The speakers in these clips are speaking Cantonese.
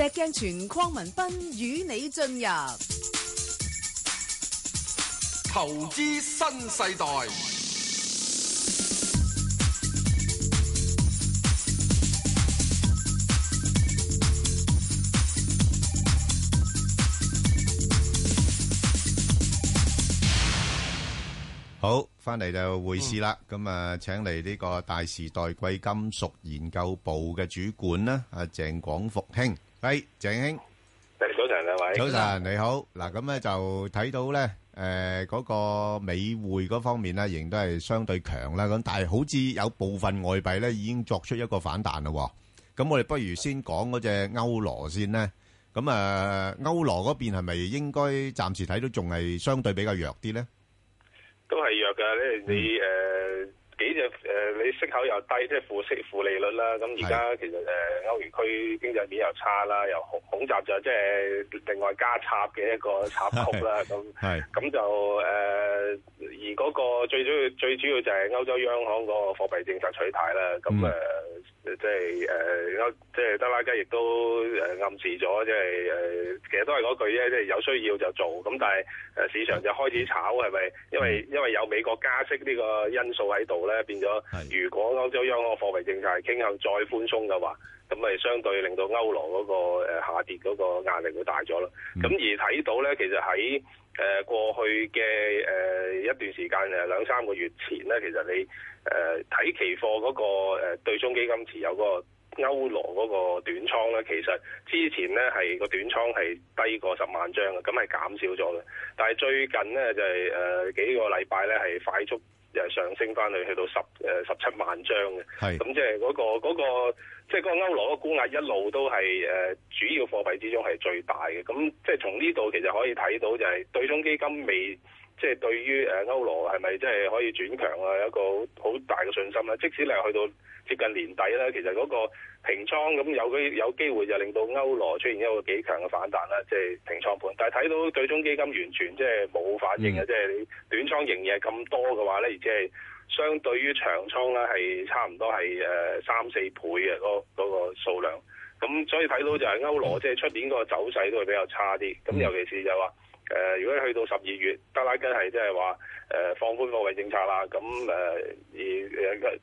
石鏡泉鄺文斌與你進入投資新世代。好，翻嚟就匯市啦。咁啊，請嚟呢個大時代貴金屬研究部嘅主管啦，阿鄭廣復兄。喂，鄭兄，早晨兩位，早晨你好。嗱，咁咧就睇到咧，誒，嗰個美匯嗰方面咧，仍然都係相對強啦。咁但係好似有部分外幣咧，已經作出一個反彈啦。咁我哋不如先講嗰隻歐羅先咧。咁啊，歐羅嗰邊係咪應該暫時睇到仲係相對比較弱啲咧？都係弱噶咧，你誒。幾隻誒、呃，你息口又低，即係負息、負利率啦。咁而家其實誒是、呃、歐元區經濟面又差啦，又恐恐襲就即係另外加插嘅一個插曲啦。咁咁就誒、呃，而嗰個最主要、最主要就係歐洲央行嗰個貨幣政策取態啦。咁誒、嗯，即係誒歐，即、呃、係、就是呃就是、德拉吉亦都誒暗示咗，即係誒其實都係嗰句啫，即、就、係、是、有需要就做。咁但係誒市場就開始炒係咪？因為因為有美國加息呢個因素喺度。咧變咗，如果歐洲央行貨幣政策傾向再寬鬆嘅話，咁咪相對令到歐羅嗰個下跌嗰個壓力會大咗咯。咁、嗯、而睇到咧，其實喺誒過去嘅誒一段時間誒兩三個月前咧，其實你誒睇期貨嗰個誒對沖基金持有嗰個歐羅嗰個短倉咧，其實之前咧係個短倉係低過十萬張嘅，咁係減少咗嘅。但係最近咧就係誒幾個禮拜咧係快速。又上升翻去去到十誒、呃、十七萬張嘅，係，咁即係嗰個嗰個即係嗰個歐羅嘅沽壓一路都係誒、呃、主要貨幣之中係最大嘅，咁即係從呢度其實可以睇到就係對沖基金未。即係對於誒歐羅係咪真係可以轉強啊？有一個好大嘅信心啦。即使你係去到接近年底啦，其實嗰個平倉咁有機有機會就令到歐羅出現一個幾強嘅反彈啦。即係平倉盤，但係睇到對沖基金完全即係冇反應嘅，即係、嗯、你短倉營業咁多嘅話咧，而且係相對於長倉咧係差唔多係誒三四倍嘅嗰嗰個數量。咁所以睇到就係歐羅即係、就是、出面嗰個走勢都會比較差啲。咁尤其是就話。誒、呃，如果去到十二月，德拉吉係即係話誒放寬貨幣政策啦，咁誒、呃、而、呃、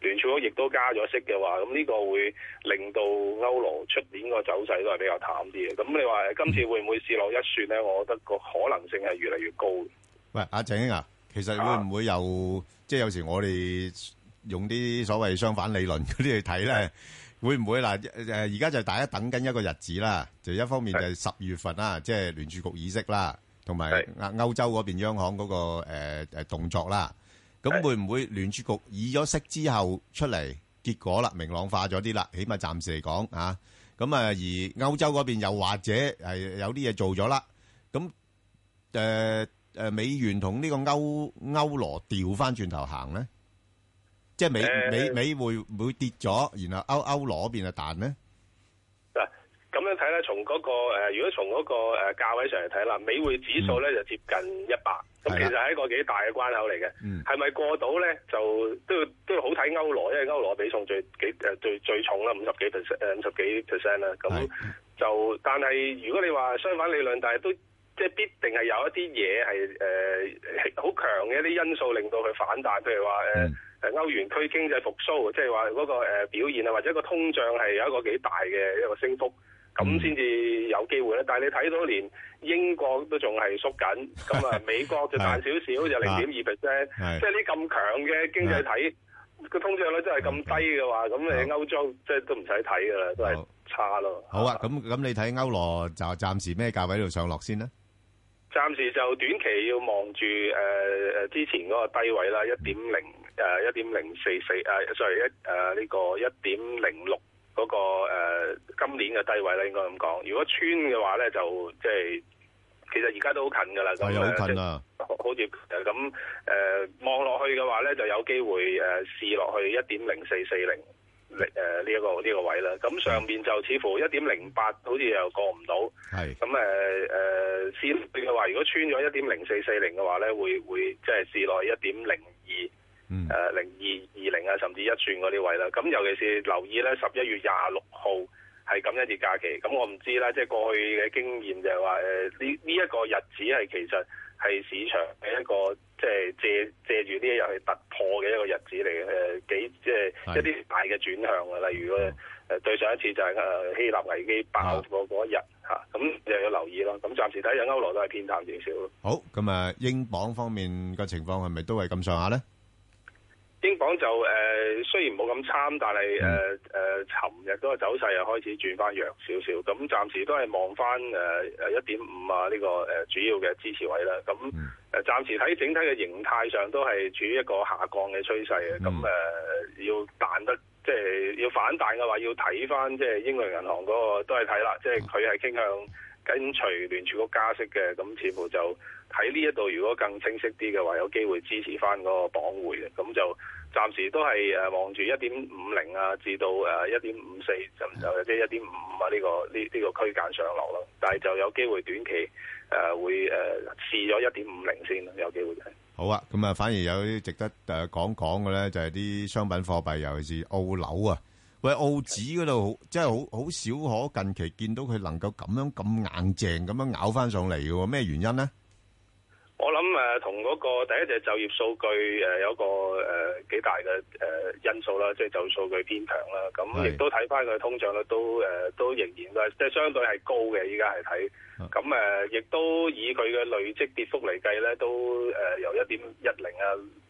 聯儲局亦都加咗息嘅話，咁呢個會令到歐羅出年個走勢都係比較淡啲嘅。咁你話今次會唔會試落一算咧？我覺得個可能性係越嚟越高。喂，阿、呃、鄭英啊，其實會唔會有即係有時我哋用啲所謂相反理論嗰啲去睇咧？會唔會嗱？誒而家就大家等緊一個日子啦，就一方面就十月份啦，即係聯儲局議息啦，同埋歐洲嗰邊央行嗰個誒誒動作啦。咁會唔會聯儲局議咗息之後出嚟結果啦，明朗化咗啲啦，起碼暫時嚟講嚇。咁啊，而歐洲嗰邊又或者係有啲嘢做咗啦。咁誒誒美元同呢個歐歐羅調翻轉頭行咧？即係美、呃、美美匯唔會跌咗，然後歐歐羅嗰邊嘅彈咧嗱，咁樣睇咧，從嗰、那個誒、呃，如果從嗰、那個誒價、呃、位上嚟睇啦，美匯指數咧、嗯、就接近一百、嗯，咁其實係一個幾大嘅關口嚟嘅，係咪、嗯、過到咧就都都，都好睇歐羅，因為歐羅比重最幾誒、呃、最最重啦，五十幾 percent 誒五十幾 percent 啦，咁是、嗯、就但係如果你話相反理論，但係都即係必定係有一啲嘢係誒好強嘅一啲因素令到佢反彈，譬如話誒。呃嗯嗯誒歐元區經濟復甦，即係話嗰個表現啊，或者個通脹係有一個幾大嘅一個升幅，咁先至有機會咧。但係你睇到連英國都仲係縮緊，咁啊美國就慢少少，就零點二 percent，即係呢咁強嘅經濟體個通脹率真係咁低嘅話，咁誒歐洲即係都唔使睇噶啦，都係差咯。好啊，咁咁你睇歐羅就暫時咩價位度上落先咧？暫時就短期要望住誒誒之前嗰個低位啦，一點零誒一點零四四誒，sorry 一誒呢個一點零六嗰個、呃、今年嘅低位啦，應該咁講。如果穿嘅話咧，就即係其實而家都好近噶啦，係啊，好近啊，好似咁誒望落去嘅話咧，就有機會誒試落去一點零四四零。嚟呢一個呢、這個位啦，咁上面就似乎一點零八，好似又過唔到。係咁誒誒，先譬如話，如果穿咗一點零四四零嘅話咧，會會即係試內一點零二，誒零二二零啊，20，甚至一轉嗰啲位啦。咁尤其是留意咧，十一月廿六號係咁一節假期。咁我唔知啦，即係過去嘅經驗就係話誒，呢、呃、呢一個日子係其實。係市場嘅一個即係、就是、借借住呢一日去突破嘅一個日子嚟嘅，誒、呃、幾即係、呃、一啲大嘅轉向啊！例如咧誒、哦呃，對上一次就係誒希臘危機爆過嗰一日嚇，咁又、啊啊、要留意咯。咁暫時睇下歐羅都係偏淡少少咯。好，咁、嗯、啊，英鎊方面嘅情況係咪都係咁上下咧？英鎊就誒、呃、雖然冇咁參，但係誒誒，尋日嗰個走勢又開始轉翻弱少少，咁暫時都係望翻誒一點五啊呢個誒主要嘅支持位啦。咁、啊、誒暫時喺整體嘅形態上都係處於一個下降嘅趨勢嘅，咁誒、嗯嗯嗯、要彈得即係要反彈嘅話，要睇翻即係英倫銀行嗰、那個都係睇啦，即係佢係傾向緊隨聯儲局加息嘅，咁似乎就。喺呢一度，如果更清晰啲嘅話，有機會支持翻嗰個磅匯嘅，咁就暫時都係誒望住一點五零啊，至到誒一點五四甚至或者一點五五啊呢、呢個呢呢、呢個區間上落咯。但係就有機會短期誒、呃、會誒、呃、試咗一點五零先有機會就好啊。咁啊，反而有啲值得誒、呃、講講嘅咧，就係啲商品貨幣，尤其是澳紐啊，喂澳紙嗰度即係好好少可近期見到佢能夠咁樣咁硬淨咁樣咬翻上嚟嘅喎，咩原因咧？我諗誒同嗰個第一隻就業數據誒、呃、有個誒、呃、幾大嘅誒、呃、因素啦，即係就係就業數據偏強啦，咁亦都睇翻佢通脹咧，都誒、呃、都仍然都係即係相對係高嘅，依家係睇。咁誒，亦、嗯、都以佢嘅累積跌幅嚟計，咧，都誒、呃、由一點一零啊，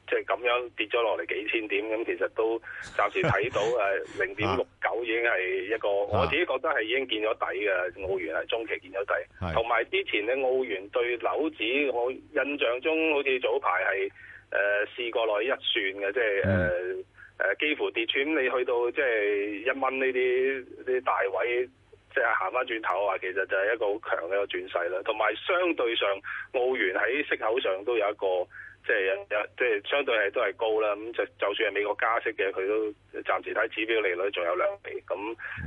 即係咁樣跌咗落嚟幾千點。咁、嗯、其實都暫時睇到誒，零點六九已經係一個、啊、我自己覺得係已經見咗底嘅，澳元係中期見咗底。同埋之前咧，澳元對樓指，我印象中好似早排係誒試過落一算嘅，即係誒誒幾乎跌穿，你去到即係一蚊呢啲啲大位。即係行翻轉頭啊！其實就係一個好強嘅一個轉勢啦。同埋相對上澳元喺息口上都有一個即係、即係、有即係、即係、相對係都係高啦。咁就就算係美國加息嘅，佢都暫時睇指標利率仲有兩釐。咁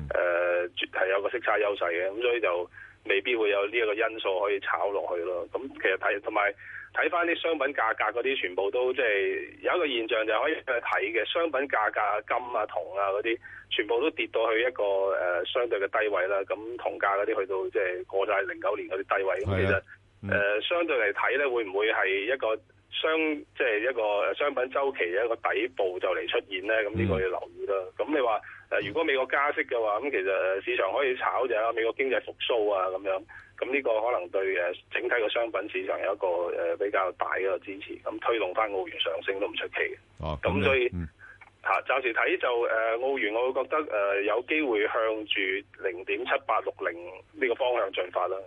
誒係有個息差優勢嘅。咁所以就。未必會有呢一個因素可以炒落去咯。咁其實睇同埋睇翻啲商品價格嗰啲，全部都即係有一個現象就可以去睇嘅。商品價格金啊、銅啊嗰啲，全部都跌到去一個誒相對嘅低位啦。咁銅價嗰啲去到即係過晒零九年嗰啲低位。咁其實誒相對嚟睇咧，會唔會係一個商即係一個商品周期嘅一個底部就嚟出現咧？咁呢個要留意啦。咁你話？如果美國加息嘅話，咁其實市場可以炒就係美國經濟復甦啊，咁樣，咁呢個可能對誒整體嘅商品市場有一個誒、呃、比較大嘅支持，咁推動翻澳元上升都唔出奇嘅。咁、啊、所以嚇暫、嗯啊、時睇就誒、呃、澳元，我會覺得誒、呃、有機會向住零點七八六零呢個方向進發啦。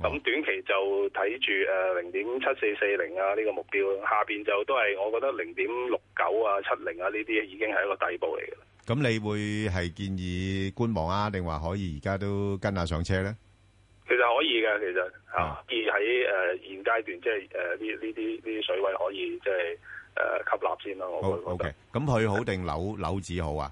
咁、啊、短期就睇住誒零點七四四零啊呢、呢個目標，下邊就都係我覺得零點六九啊、七零啊呢啲已經係一個底部嚟嘅。咁你會係建議觀望啊，定話可以而家都跟下上車咧？其實可以嘅，其實啊，建議喺誒、呃、現階段，即係誒呢呢啲呢啲水位可以即係誒吸納先咯。OK，覺咁是，佢好定紐紐子好啊？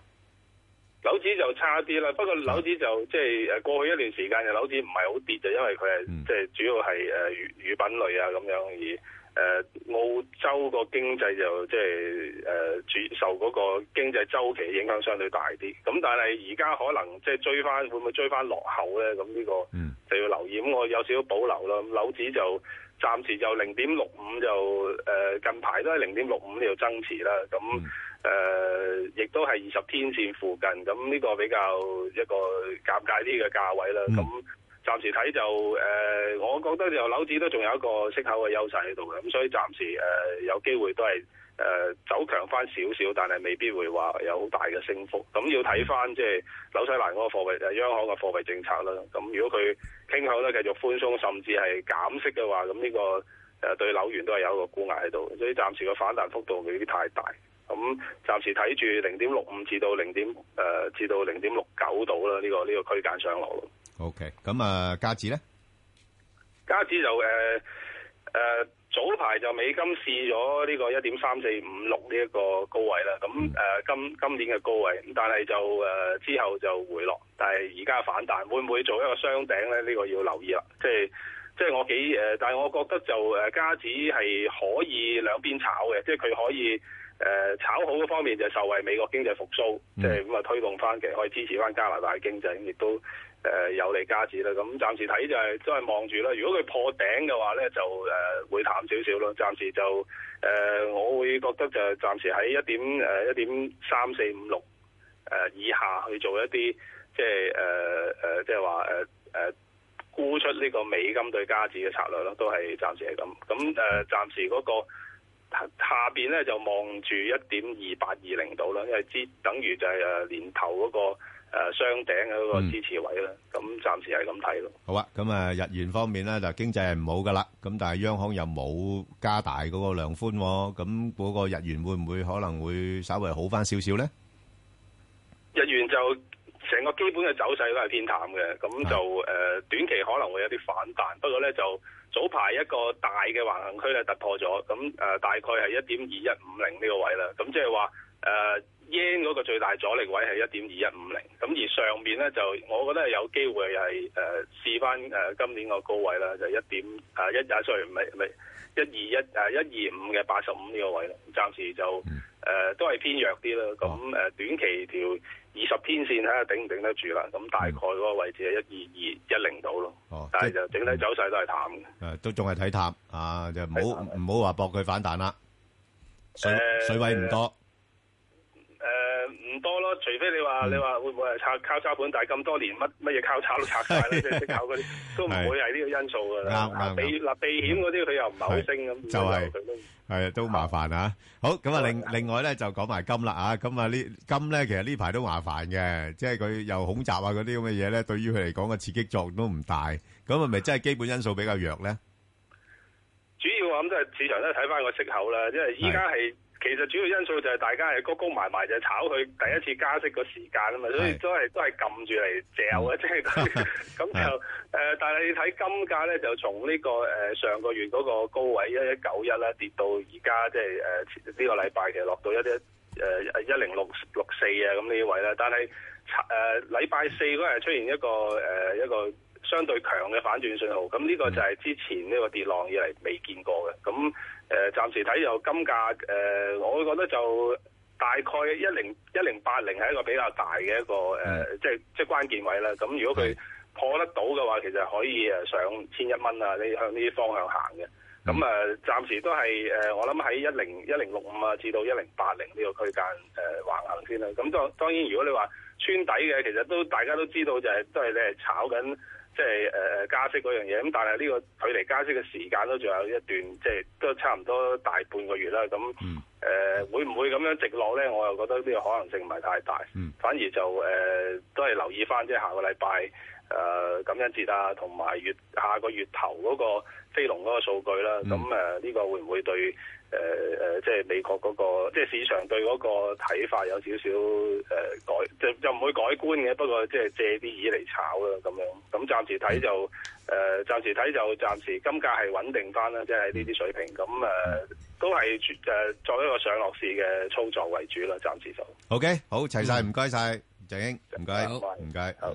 紐子就差啲啦，不過紐子就即係誒過去一段時間嘅紐子唔係好跌，就因為佢係即係主要係誒乳乳品類啊咁樣而。誒、呃、澳洲個經濟就即係誒主受嗰個經濟週期影響相對大啲，咁但係而家可能即係追翻，會唔會追翻落後咧？咁呢個就要留意。咁我有少少保留啦。樓指就暫時就零點六五就誒、呃、近排都係零點六五呢度增持啦。咁誒、嗯呃、亦都係二十天線附近，咁呢個比較一個尷尬啲嘅價位啦。咁暫時睇就誒、呃，我覺得就樓市都仲有一個息口嘅優勢喺度嘅，咁所以暫時誒、呃、有機會都係誒、呃、走強翻少少，但係未必會話有好大嘅升幅。咁要睇翻即係紐西蘭嗰個貨幣，央行嘅貨幣政策啦。咁如果佢傾口咧繼續寬鬆，甚至係減息嘅話，咁呢、這個誒、呃、對樓盤都係有一個估壓喺度。所以暫時嘅反彈幅度未必太大。咁、嗯、暫時睇住零點六五至到零點誒，至到零點六九度啦，呢、這個呢、這個區間上落咯。O K. 咁啊，加指咧？加指就誒誒、呃呃，早排就美金試咗呢個一點三四五六呢一個高位啦。咁誒、嗯呃、今今年嘅高位，但係就誒、呃、之後就回落，但係而家反彈，會唔會做一個雙頂咧？呢、這個要留意啦。即係即係我幾誒、呃，但係我覺得就誒加指係可以兩邊炒嘅，即係佢可以。誒炒好方面就受惠美國經濟復甦，即係咁啊推動翻嘅，其實可以支持翻加拿大經濟，亦都誒、呃、有利加紙啦。咁暫時睇就係、是、都係望住啦。如果佢破頂嘅話咧，就誒、呃、會淡少少咯。暫時就誒、呃，我會覺得就暫時喺一點誒一、呃、點三四五六誒以下去做一啲即係誒誒，即係話誒誒沽出呢個美金對加紙嘅策略咯，都係暫時係咁。咁誒、呃，暫時嗰、那個。下邊咧就望住一點二八二零度啦，因為支等於就係誒年頭嗰個誒雙頂嘅嗰個支持位啦。咁、嗯、暫時係咁睇咯。好啊，咁啊日元方面咧就經濟係唔好噶啦，咁但係央行又冇加大嗰個量寬、哦，咁嗰個日元會唔會可能會稍微好翻少少咧？日元就成個基本嘅走勢都係偏淡嘅，咁就誒短期可能會有啲反彈，的不過咧就。早排一個大嘅橫行區咧突破咗，咁誒、呃、大概係一點二一五零呢個位啦。咁即係話誒 yen 嗰個最大阻力位係一點二一五零。咁而上面咧就我覺得係有機會係誒試翻誒今年個高位啦，就一、是、點啊一廿再唔係唔係一二一啊一二五嘅八十五呢個位咯。暫時就誒、呃、都係偏弱啲啦。咁誒、呃、短期調。二十天線睇下頂唔頂得住啦，咁大概嗰個位置係一二二一零度咯，2 2, 1, 哦、但係就整體走勢都係淡嘅。誒、嗯，都仲係睇淡，啊，就唔好唔好話搏佢反彈啦，水、呃、水位唔多。呃唔多咯，除非你話你話會唔會係炒交叉盤？但係咁多年乜乜嘢交叉都拆晒啦，即係炒嗰啲都唔會係呢個因素噶啦。嗱，避險嗰啲佢又唔係好升咁，就係，係啊，都麻煩啊。好，咁啊，另另外咧就講埋金啦。啊，咁啊，呢金咧其實呢排都麻煩嘅，即係佢又恐襲啊嗰啲咁嘅嘢咧，對於佢嚟講個刺激作用都唔大。咁啊，係咪真係基本因素比較弱咧？主要我諗即係市場都睇翻個息口啦，因為依家係。其實主要因素就係大家係高高埋埋，就炒佢第一次加息個時間啊嘛，所以都係的都係撳住嚟嚼啊！即係咁就誒、呃，但係你睇金價咧，就從呢個誒、呃、上個月嗰個高位一一九一咧，跌到而家即係誒呢個禮拜嘅落到一啲誒一零六六四啊咁呢位啦。但係誒禮拜四嗰日出現一個誒、呃、一個相對強嘅反轉信號，咁呢個就係之前呢個跌浪以嚟未見過嘅咁。誒暫、呃、時睇就金價誒、呃，我覺得就大概一零一零八零係一個比較大嘅一個誒、呃嗯，即係即係關鍵位啦。咁、嗯、如果佢破得到嘅話，其實可以誒上千一蚊啊，你向呢啲方向行嘅。咁、嗯嗯呃、啊，暫時都係誒，我諗喺一零一零六五啊至到一零八零呢個區間誒橫行先啦。咁、嗯、當當然，如果你話穿底嘅，其實都大家都知道就係、是、都係你係炒緊。即係誒加息嗰樣嘢，咁但係呢個距離加息嘅時間都仲有一段，即係都差唔多大半個月啦。咁誒、嗯呃、會唔會咁樣直落咧？我又覺得呢個可能性唔係太大。嗯、反而就誒、呃、都係留意翻，即係下個禮拜。誒感恩節啊，同埋月下個月頭嗰個飛龍嗰個數據啦。咁誒呢個會唔會對誒誒，即、呃、係、就是、美國嗰、那個即係、就是、市場對嗰個睇法有少少誒、呃、改，就就唔會改觀嘅。不過即係借啲意嚟炒啦，咁樣咁暫時睇就誒、嗯呃，暫時睇就暫時金價係穩定翻啦，即係呢啲水平。咁、呃、誒、嗯、都係作為一個上落市嘅操作為主啦。暫時就 OK，好齊晒。唔該晒，鄭英，唔該煩，唔該煩，好。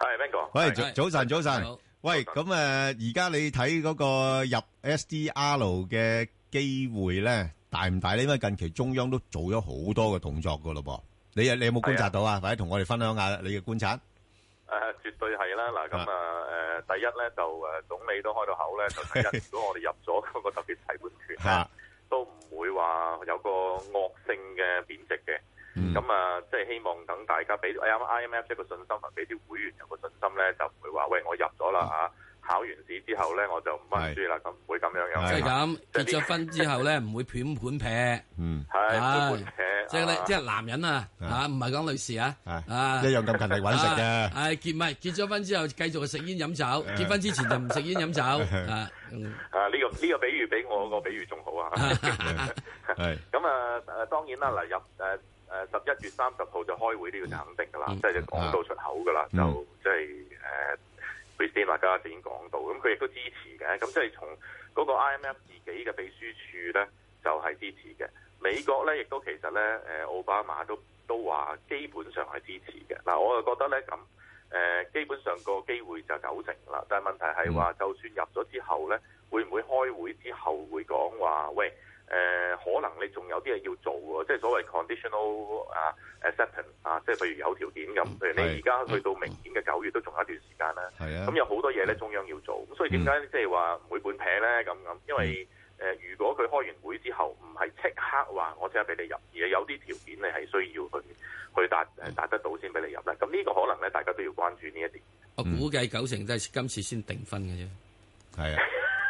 係邊個？Hi, 喂，早晨 Hi.，早晨。Hello. 喂，咁誒 Hello.，而、呃、家你睇嗰個入 SDR 嘅機會咧，大唔大呢？因為近期中央都做咗好多嘅動作噶咯噃。你有你有冇觀察到 Yeah. 啊？或者同我哋分享下你嘅觀察？誒、啊，絕對係啦。嗱，咁啊，誒，第一咧就誒，總理都開到口咧，就第一， 如果我哋入咗嗰個特別提款權啦、 啊，都唔會話有個惡性嘅貶值嘅。咁啊，即係希望等大家俾，IMF 即係個信心，同俾啲會員有個信心咧，就唔會話，喂，我入咗啦嚇，考完試之後咧我就唔翻書啦，咁唔會咁樣樣。即係咁結咗婚之後咧，唔會半盤撇。嗯，係半盤撇。即係咧，即係男人啊嚇，唔係講女士啊啊，一樣咁勤力揾食嘅。係結唔係結咗婚之後繼續食煙飲酒，結婚之前就唔食煙飲酒啊。啊呢個呢個比喻比我個比喻仲好啊。係咁啊，當然啦，嗱入誒。誒十一月三十號就開會呢個就肯定㗎啦，即係講到出口㗎啦、嗯，就即係誒，佢先啦家已經講到，咁佢亦都支持嘅，咁即係從嗰個 IMF 自己嘅秘書處咧，就係、是、支持嘅。美國咧，亦都其實咧，誒、呃、奧巴馬都都話基本上係支持嘅。嗱、呃，我就覺得咧咁誒，基本上個機會就九成啦。但係問題係話，嗯、就算入咗之後咧，會唔會開會之後會講話，喂？誒、呃、可能你仲有啲嘢要做，即係所謂 conditional 啊、uh，assent 啊，即係譬如有條件咁。譬如你而家去到明年嘅九月都仲有一段時間啦，咁、啊、有好多嘢咧、啊、中央要做。咁所以點解即係話唔會半撇咧咁咁，因為誒、呃，如果佢開完會之後唔係即刻話我即刻俾你入，而係有啲條件你係需要去去達誒、啊、達得到先俾你入啦。咁呢個可能咧，大家都要關注呢一點。我估計九成都係今次先定婚嘅啫，係 啊，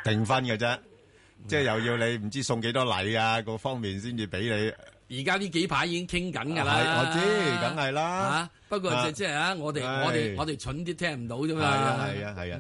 定婚嘅啫。嗯、即係又要你唔知送幾多禮啊，各方面先至俾你。而家呢幾排已經傾緊㗎啦，我知，梗係啦。嚇、啊，不過即係即係啊，我哋們、哎、我哋我哋蠢啲聽唔到啫嘛。係啊係啊，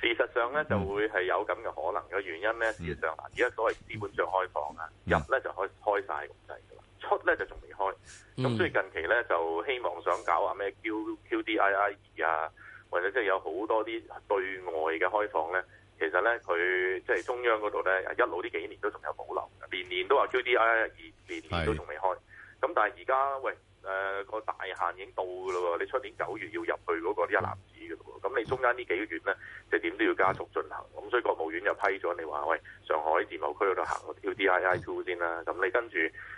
事實上咧就會係有咁嘅可能嘅原因咧。事實上而家所謂資本上開放啊，入咧就開開曬咁滯㗎啦，出咧就仲未開。咁、嗯、所以近期咧就希望想搞啊咩 Q QDII 啊，或者即係有好多啲對外嘅開放咧。其實咧，佢即係中央嗰度咧，一路呢幾年都仲有保留，年年都話 SDR 二，年年都仲未開。咁但係而家喂，誒、呃嗰個大限已經到嘅咯喎，你出年九月要入去嗰個一籃子嘅咯喎，咁你中間呢幾個月咧，即係點都要加速進行。咁、嗯、所以國務院就批咗你話喂，上海自貿區度行個 QDII Two 先啦。咁、嗯、你跟住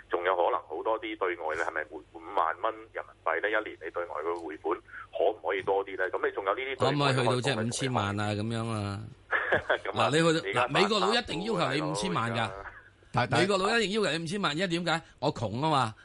仲有可能好多啲對外咧，係咪匯五萬蚊人民幣咧一年？你對外嘅匯款可唔可以多啲咧？咁你仲有對外呢啲？可唔可以去到即係五千萬啊？咁樣啊？咁 啊？ 你去美國佬一定要求你五千萬㗎。美國佬一定要求你五千萬，因為點解？我窮啊嘛。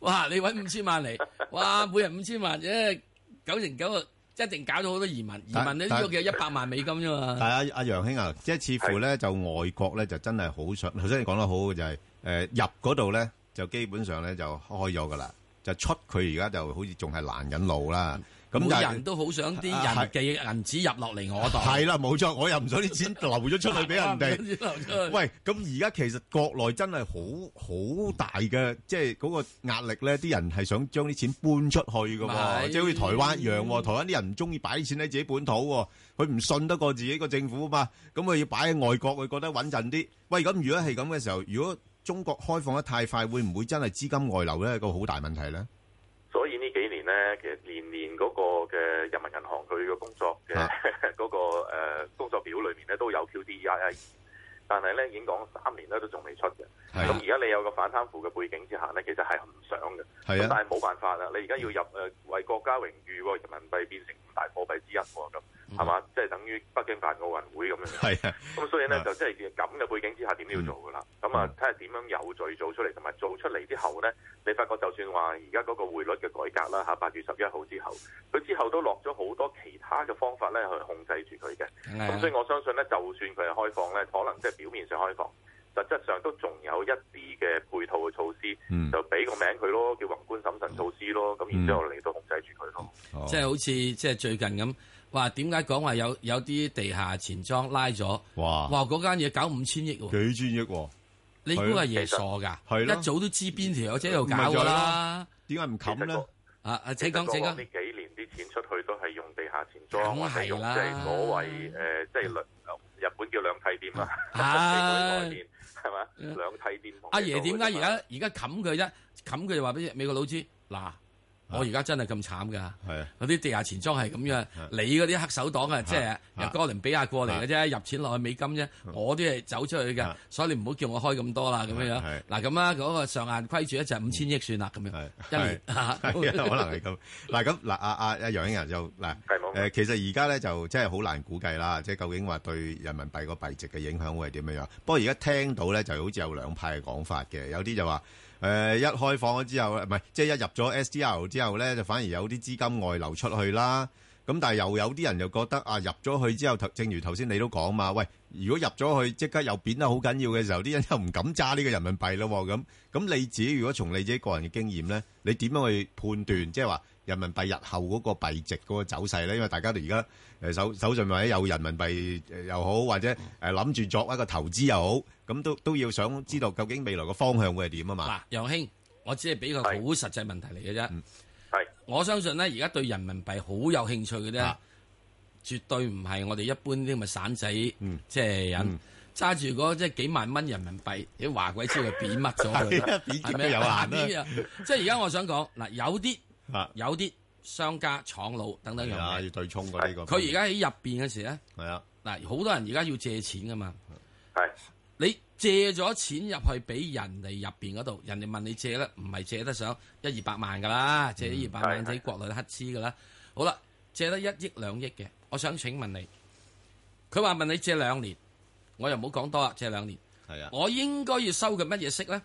哇！你搵五千萬嚟，哇！每人五千萬，誒，九成九啊，一定搞到好多移民。但移民呢都叫一百萬美金啫嘛。係啊，阿楊兄啊，即係似乎咧是就外國咧就真係好想，頭先你講得好嘅就係、是、誒、呃、入嗰度咧就基本上咧就開咗㗎啦，就出佢而家就好似仲係攔緊路啦。嗯個人都好想啲人嘅銀紙入落嚟我度，係啦，冇錯，我又唔想啲錢流咗出去俾人哋。喂，咁而家其實國內真係好好大嘅，即係嗰個壓力咧，啲人係想將啲錢搬出去嘅，即係好似台灣一樣。台灣啲人唔中意擺錢喺自己本土，佢唔信得過自己個政府啊嘛，咁佢要擺喺外國，佢覺得穩陣啲。喂，咁如果係咁嘅時候，如果中國開放得太快，會唔會真係資金外流咧？係個好大問題咧。咧，其實年年嗰個嘅人民銀行佢嘅工作嘅嗰、啊 嗰個、呃、工作表裏面咧都有 QDII，但係咧已經講三年咧都仲未出嘅。咁而家你有個反貪腐嘅背景之下咧，其實係唔想嘅。咁、啊、但係冇辦法喇！你而家要入誒為國家榮譽喎，人民幣變成五大貨幣之一喎、哦、咁。係嘛？ 即係等於北京辦奧運會咁樣。係咁、 啊、所以咧就即係咁嘅背景之下，點都要做㗎啦。咁、嗯、啊，睇下點樣有序做出嚟，同埋做出嚟之後咧，你發覺就算話而家嗰個匯率嘅改革啦，嚇八月十一號之後，佢之後都落咗好多其他嘅方法咧去控制住佢嘅。咁、啊、所以我相信咧，就算佢係開放咧，可能即係表面上開放，實質上都仲有一啲嘅配套嘅措施，就俾個名佢咯，叫宏觀審慎措施咯。咁然之後嚟到控制住佢咯。即係、嗯、好似即係最近咁。話點解講話有有啲地下錢莊拉咗？哇！哇嗰間嘢搞五千億喎！幾千億？你估阿爺傻噶？係一早都知邊條友仔喺度搞噶啦？點解唔冚咧？啊！請講請講！呢幾年啲錢出去都係用地下錢莊，或者用即係所謂誒，即係日本叫兩替店啊？吓，係嘛？兩替店同阿爺點解而家而家冚佢啫？冚佢就話俾美國佬知嗱？我而家真係咁慘㗎，嗰啲地下錢莊係咁樣，你嗰啲黑手黨啊，即係由哥倫比亞過嚟嘅啫，入錢落去美金啫，我都係走出去㗎，所以你唔好叫我開咁多啦，咁樣樣。嗱咁啦，嗰個上限規住咧就係五千億算啦，咁樣一年。可能係咁。嗱咁嗱阿阿阿楊宇霆就嗱，誒其實而家咧就真係好難估計啦，即係究竟話對人民幣個幣值嘅影響會係點樣樣。不過而家聽到咧就好似有兩派講法嘅，有啲就話。誒一開放咗之後，唔係即係一入咗 SDR 之後咧，就反而有啲資金外流出去啦。咁但係又有啲人又覺得啊，入咗去之後，頭正如頭先你都講嘛，喂，如果入咗去即刻又變得好緊要嘅時候，啲人又唔敢揸呢個人民幣咯。咁咁你自己如果從你自己個人嘅經驗咧，你點樣去判斷即係話人民幣日後嗰個幣值嗰個走勢咧？因為大家都而家誒手手上或者有人民幣又好，或者誒諗住作一個投資又好。咁都都要想知道究竟未來個方向會係點啊嘛？嗱，楊兄，我只係俾個好實際問題嚟嘅啫。係，我相信咧，而家對人民幣好有興趣嘅啫，絕對唔係我哋一般啲咁嘅散仔，即係人揸住嗰即係幾萬蚊人民幣，你話鬼知佢貶乜咗？貶極有限啲？即係而家我想講嗱，有啲有啲商家、廠佬等等用，啊，要對沖過呢個。佢而家喺入邊嗰時咧，係啊，嗱，好多人而家要借錢噶嘛，係。你借咗錢入去俾人哋入邊嗰度，人哋問你借咧，唔係借得上一二百萬噶啦，借一二百萬喺國內乞資噶啦。好啦，借得一億兩億嘅，我想請問你，佢話問你借兩年，我又唔好講多啦，借兩年，係是啊，我應該要收佢乜嘢息咧？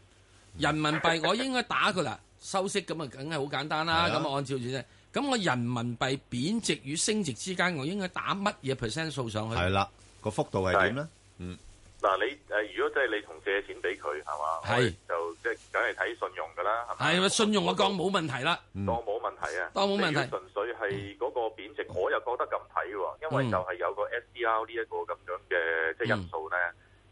人民幣我應該打佢啦， 收息咁啊，梗係好簡單啦，咁是啊，按照住啫。咁我人民幣貶值與升值之間，我應該打乜嘢 percent 數上去？係啦、啊，個幅度係點咧？是啊、嗯。嗱，你誒，如果即係你同借錢俾佢，係嘛？係就即係梗係睇信用噶啦，係咪？係咪信用我講冇問題啦，當冇問題啊，當冇問題。如果純粹係嗰個貶值，我又覺得咁睇喎，因為就係有個 S D R 呢一個咁樣嘅即係因素咧，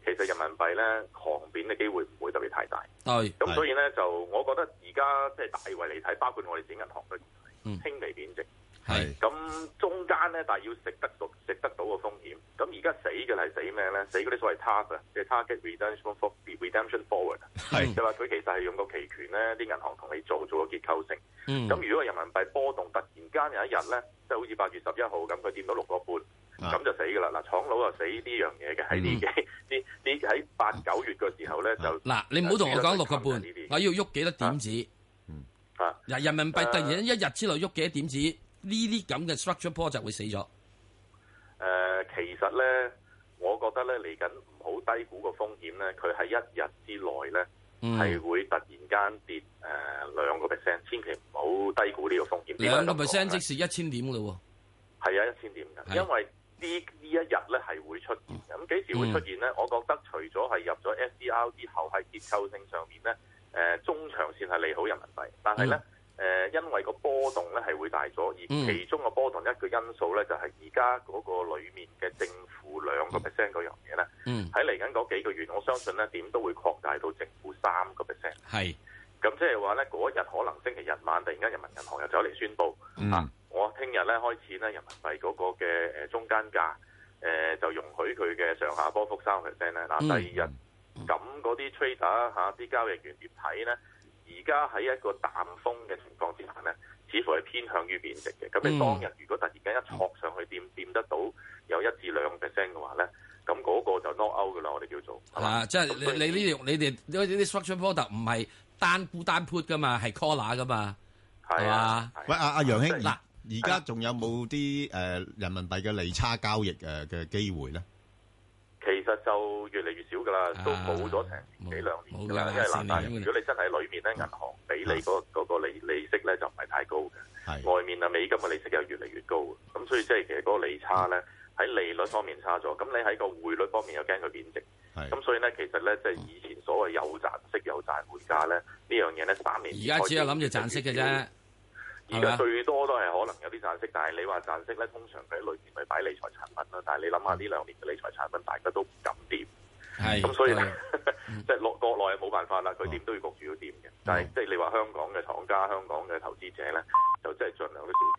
其實人民幣咧狂貶嘅機會唔會特別太大。係咁，所以咧就我覺得而家即係大圍嚟睇，包括我哋整銀行都輕微貶值。係咁中間咧，但係要食得到食得到個風險。咁而家死嘅係死咩咧？死嗰啲所謂差嘅，即係 target redemption forward。係就話佢其實係用個期權咧，啲銀行同你做做個結構性。咁如果人民幣波動突然間有一日咧，即係好似八月十一號咁，佢跌到六個半，咁就死噶啦。嗱，廠佬又死呢樣嘢嘅喺呢啲，呢呢喺八九月嘅時候咧就嗱，你唔好同我講六個半，我要喐幾多點子？嗯嗱，人民幣突然一一日之內喐幾多點子？呢啲咁嘅 structure project 會死咗？誒、呃，其實咧，我覺得咧嚟緊唔好低估個風險咧，佢喺一日之內咧係、嗯、會突然間跌誒兩個 percent，千祈唔好低估呢個風險。兩個 percent 即是一千點咯喎，係啊，一千點㗎，是因為呢呢一日咧係會出現嘅。咁幾、嗯、時會出現咧？嗯、我覺得除咗係入咗 SDR 之後係結構性上面咧，誒、呃、中長線係利好人民幣，但係咧。嗯誒，因為個波動咧係會大咗，而其中個波動一個因素咧就係而家嗰個裡面嘅正負兩個 percent 嗰樣嘢咧，喺嚟緊嗰幾個月，我相信咧點都會擴大到正負三個 percent。係，咁即係話咧嗰日可能星期日晚突然間人民銀行又走嚟宣佈，嗱、嗯啊，我聽日咧開始咧人民幣嗰個嘅誒中間價誒、呃、就容許佢嘅上下波幅三個 percent 咧，嗱、啊、第二日咁嗰啲 trader 嚇啲交易員點睇咧？而家喺一個淡風嘅情況之下咧，似乎係偏向於貶值嘅。咁你當日如果突然間一戳上去，掂掂得到有一至兩 percent 嘅話咧，咁嗰個就 not out 㗎啦。我哋叫做嚇，即係你你呢樣你哋呢啲 structure product 唔係單沽單 put 噶嘛，係 collar 噶嘛，係嘛？喂，阿阿楊兄嗱，而家仲有冇啲誒人民幣嘅利差交易誒嘅機會咧？就越嚟越少噶啦，都冇咗成年幾兩年噶啦。因為難帶，如果你真係喺裏面咧，銀行俾你嗰嗰個利利息咧就唔係太高嘅。外面啊美金嘅利息又越嚟越高，咁所以即係其實嗰個利差咧喺利率方面差咗。咁你喺個匯率方面又驚佢貶值。咁，所以咧其實咧即係以前所謂有賺息有賺匯價咧呢樣嘢咧三年而家只有諗住賺息嘅啫。而家最多都係可能有啲賺息，但係你話賺息咧，通常佢喺裏邊咪擺理財產品啦。但係你諗下呢兩年嘅理財產品，想想產品大家都唔敢掂，咁是所以咧，即係內國內冇辦法啦，佢點都要焗住要掂嘅。哦、但係即係你話香港嘅廠家、香港嘅投資者咧，就真係盡量都少。